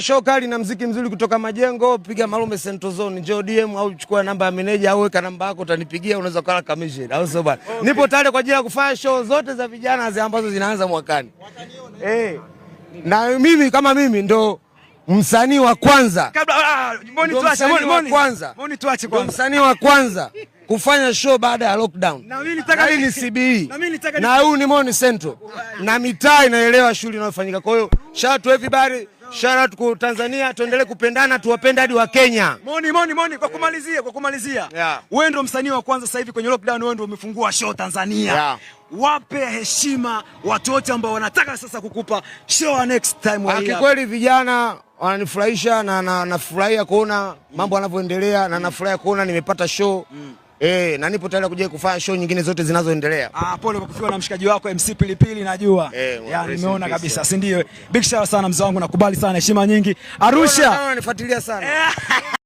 Show kali na mziki mzuri kutoka Majengo, piga Malume Central Zone, njoo DM au chukua namba ya meneja au weka namba yako utanipigia, unaweza kula commission au sio bwana. Okay. Nipo tayari kwa ajili ya kufanya show zote za vijana ambazo zinaanza mwakani. Eh. Hey. Na mimi kama mimi ndo msanii wa kwanza. Kabla ah, mboni tuache, mboni kwanza. Mboni tuache kwanza. Msanii wa kwanza. kufanya show baada ya lockdown. Na mimi nitaka hii ni CBE. Na mimi nitaka na huu ni Moni Central. Na mitaa inaelewa shughuli inayofanyika. Kwa hiyo shout to everybody, shout out kwa Tanzania, tuendelee kupendana, tuwapende hadi wa Kenya. Moni, Moni, Moni kwa kumalizia, kwa kumalizia. Yeah. Wewe ndio msanii wa kwanza sasa hivi kwenye lockdown, wewe ndio umefungua show Tanzania. Yeah. Wape heshima watu wote ambao wanataka sasa kukupa show next time. Akikweli vijana wananifurahisha na nafurahia na kuona mambo yanavyoendelea mm. na nafurahia kuona nimepata show. Mm. Eh, na nipo tayari kuja kufanya show nyingine zote zinazoendelea. Ah, pole kwa kufiwa na mshikaji wako MC Pilipili najua. Eh, yeah, nimeona kabisa, si ndio? Big shout sana mzee wangu, nakubali sana, heshima nyingi. Arusha. Unanifuatilia sana.